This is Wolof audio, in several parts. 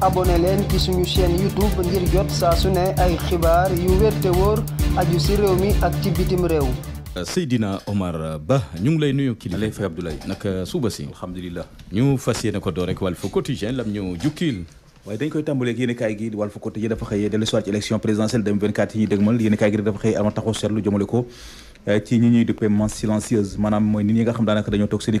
abonné leen ci suñu chaîne YouTube ngir jot saa su ne ay xibaar yu wér te wóor aju si réew mi ak ci bitim réew. Seydina Omar Ba ñu ngi lay nuyu kilifa lay fay Abdoulaye naka euh, suba si alhamdulilah ñu fas yéene ko door rek Walf Quotidien lam ñu jukkil waaye dañ koy tàmbaleeg yéen i kaay gi Walf Quotidien dafa xëyee dellu ci élection présidentielle 2024 yi ñuy dëgmal yéen i kaay gi dafa xëyee ama taxaw seetlu jëmale ko euh, ci ñi ñuy duppee silencieuse maanaam mooy nit ñi nga xam daanaka dañoo toog seen i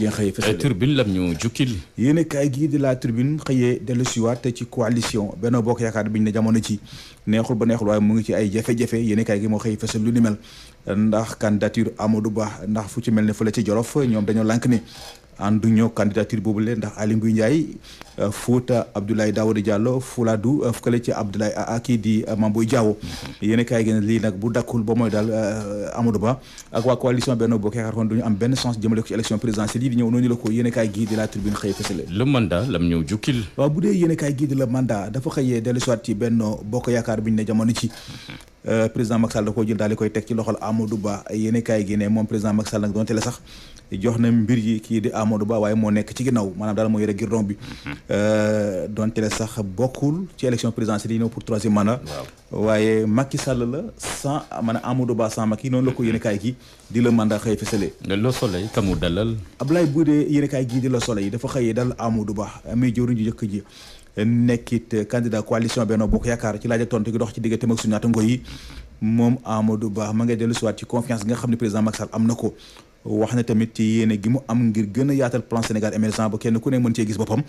yi nga xëyee fësal turbine lam ñu jukkil yéen kaay gii di xëyee dellu siwaat ci coalition Benno Bokk Yaakaar biñ ne jamono ci neexul ba neexul waaye mu ngi ci ay jafe-jafe yéen gi moo xëy fësal lu ni mel ndax candidature Amadou Ba ndax fu ci mel ne la ci Jolof ñoom dañoo lànk ni ànduñoo candidature boobu leen ndax Aly Ngouille Ndiaye euh, Fouta Abdoulaye Daouda Diallo Fouladou euh, fële ci Abdoulaye kii di euh, Mamboy Diawo mhm. yéen a kaay di ne lii nag bu dakkul ba mooy daal Amadou Ba ak waa coalition Benno Bokk Yaakaar kon duñu am benn chance jëmale ko ci élection présidentielle yi di ñëw noonu la ko a xëy fësale waaw bu dee yéen a gii di la mandat dafa xëyee dellu siwaat ci Bokk Yaakaar bi ñu ne jamono ci mhm. Euh, président Macky Sall da ko jël daal di koy teg ci loxol Amadou Ba yéen kaay gi ne moom président Macky Sall nag donte la sax jox na mbir yi kii di Amadou Ba waaye moo nekk ci ginnaaw maanaam daal moo yore girdon bi euh, donte la sax bokkul ci élection présidentielle yi ñëw pour troisième mandat waaye Macky Sall la sans maanaam Amadou Ba sans Macky noonu la ko yéen gi di la mandat xëy fësale Le Soleil kamu dalal Abdoulaye Boudé yéen kaay gi di Le Soleil dafa xëyee dal Amadou Ba muy jëwriñ ju njëkk ji nekkit candidat coalition Benno Bokk Yaakaar ci laaj ak tontu gi dox ci digganteem ak suñu naataango yi moom Amadou Ba ma ngay dellu siwaat ci confiance nga xam ne président Macky Sall am na ko wax na tamit ci yéene gi mu am ngir gën a yaatal plan Sénégal émergent ba kenn ku ne mën cee gis boppam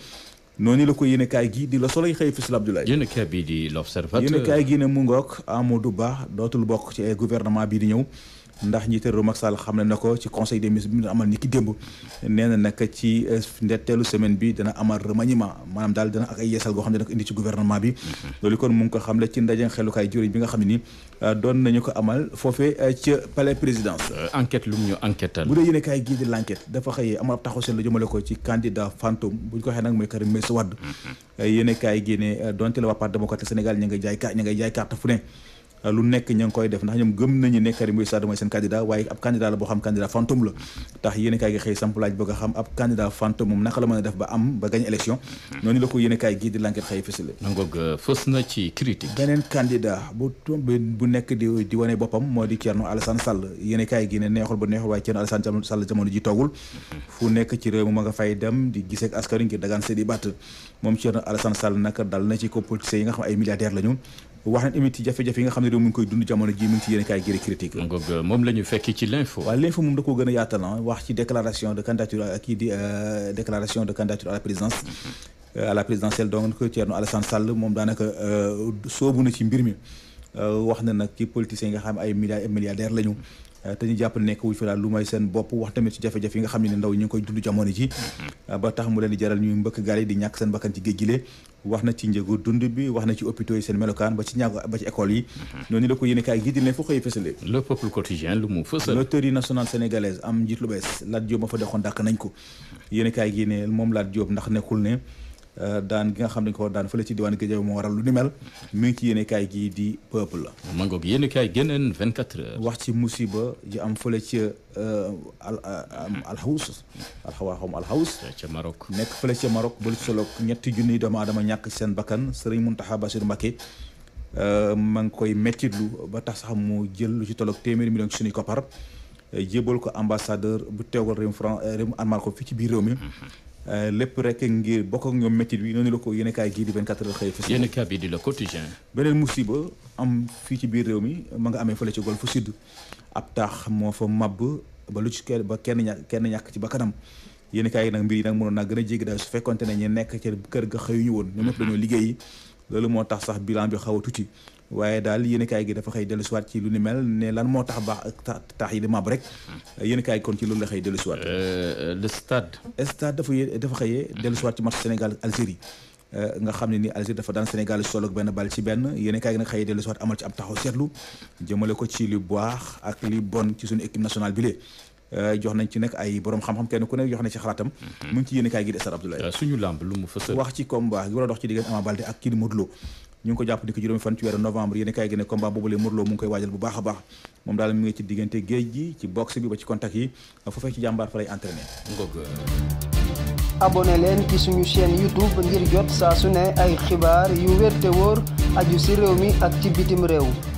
noonu la ko yéene kaay gi di la Soleil xëy fësal Abdoulaye. yéene kaay di l'Observateur yéene kaay gi ne mu ngoog Amadou Ba dootul bokk ci gouvernement bii di ñëw. ndax njiité réew Macky Sall xam ne na ko ci conseil des ministres bi mu amal ni ki démb nee na ci euh, ndetteelu semaine bi dana amal remaniement maanaam daal dana ak ay yeesal goo xam ne dana ko indi ci gouvernement bi mhm. loolu kon mu ngi ko xam ne ci xelu xelukaay juriñ bi nga xam ne ni euh, doon nañu ko amal foofee euh, ca palais présidence enquête lu mu ñu enquêtal bu dee yéene kaay gii di l'enquête dafa xëyee amal ab taxaw seen la jëmale ko ci candidat fantôme bu ñu ko waxee nag mooy Karim Meïssa Wade mhm. kaay gii donte la waa Parti démocratique Sénégal ña ngay ña ngay jaay carte ne lu nekk ña ngi koy def ndax ñoom gëm nañu ne Karim Wade mooy seen candidat waaye ab candidat la boo xam candidat fantôme la tax yéen gi xëy samp bëgg a xam ab candidat fantôme moom naka a def am ba gañ élection noonu la ko yéen kaay gii di euh, na ci critique beneen bu nekk di di wane boppam moo di Thierno Alassane Sall yéen kaay gi ne neexul ba neexul waaye Thierno Alassane Sall jamono ji toogul fu nekk ci réew mi dem di gis ak askan wi moom Thierno Alassane Sall nag dal na ci ko politiciens yi nga xam ay milliardaire lañu wax na tamit ci jafe-jafe yi nga xam ne mu ngi koy dund jamono ji mu ngi ci yéen kaay gi critique moom la ñu fekk ci l'info waaw l'info moom da koo gën a yaatal ah, wax ci déclaration de candidature euh, kii di euh, déclaration de candidature à la présidence mm-hmm. euh, à la présidentielle donc Thierno Alassane Sall moom daanaka soobu na ci mbir mi wax na nag ki politiciens yi nga xam ay milliards et la ñu Euh, te ñu jàpp nekk wuñ fa lu may seen bopp wax tamit ci jafe-jafe yi nga xam ne ndaw ñu koy dund jamono ji mm-hmm. ba tax mu leen di jaral ñuy mbëkk gaal yi di ñàkk seen bakkan ci géej gile wax na ci njëgu dund bi wax na ci hôpitaux yi seen melokaan ba ci ñaago ba ci école yi mm-hmm. noonu la ko yéene kaay gii di leen fa xëy fësale le peuple quotidien lu mu fësal loterie nationale sénégalaise am njiit lu bees Lat Diop fa dexoon dàq nañ ko yéene kaay ne moom Lat Diop ndax nekkul ne Euh, daan gi nga xam ne ko daan fële ci diwaan Guédiawaye moo waral lu ni mel mi ngi ci yéene kaay di peuple la. man googu yéene kaay génneen 24 wax ci musiba ji am fële ci euh, al alxawus alxawaa xawma alxawus. ca nekk fële ca Maroc ba lu solo ñetti junniy doomu aadama ñàkk seen bakkan Serigne Mountakha Bassirou Mbacké euh, maa ngi koy mettitlu ba tax sax mu jël lu ci tolloog téeméeri million ci suñuy koppar jébal ko ambassadeur bu teewal réewum France fii ci biir réew mi. Mm-hmm. Euh, lépp rek ngir bokk ak ñoom métit bi noonu la ko yéenekaay gii di 24 heures xëy fës yéenekaay bi di Le Quotidien beneen musiba am fii ci biir réew mi ma nga amee fële ci Golf Sud ab taax moo fa mabb ba lu ci ba kenn ñàkk kenn ñàkk ci ba kanam yéenekaay yi nag mbir yi nag mënoon naa gën a jéggi daal su fekkonte ne ñu nekk ca kër ga xëyuñu woon ñoom ñëpp liggéey yi loolu moo tax sax bilan bi xaw a tuuti waaye daal yéen kaay gi dafa xëy dellusiwaat ci lu ni mel ne lan moo tax baax ak tax yi di mab rek hmm. yéen kaay kon ci loolu la xëy dellusiwaat. Euh, euh, le stade. stade dafa yé dafa xëyee dellusiwaat ci match Sénégal Algérie euh, nga xam ne ni Algérie dafa daan Sénégal solo ak benn bal ci benn yéen kaay gi nag xëy dellusiwaat amal ci am taxaw seetlu jëmale ko ci li baax ak li bon ci suñu équipe nationale bi lee jox nañ ci nag ay borom xam-xam kenn ku ne jox na ci xalaatam hmm. mu ngi kaay gi di Star Abdoulaye wax ci combat a dox ci diggante Ama Baldé ak ñu ngi ko jàpp ni ko juróomi fan ci weeru novembre yéen kaay gi ne combat boobule Modou Lo mu ngi koy waajal bu baax a baax moom daal mu ngi ci diggante géej gi ci boxe bi ba ci contact yi foofee ci jàmbaar fa lay entraîné euh, abonné leen ci suñu chaîne youtube ngir jot saa su ne ay xibaar yu wér te wóor aju si réew mi ak ci bitim réew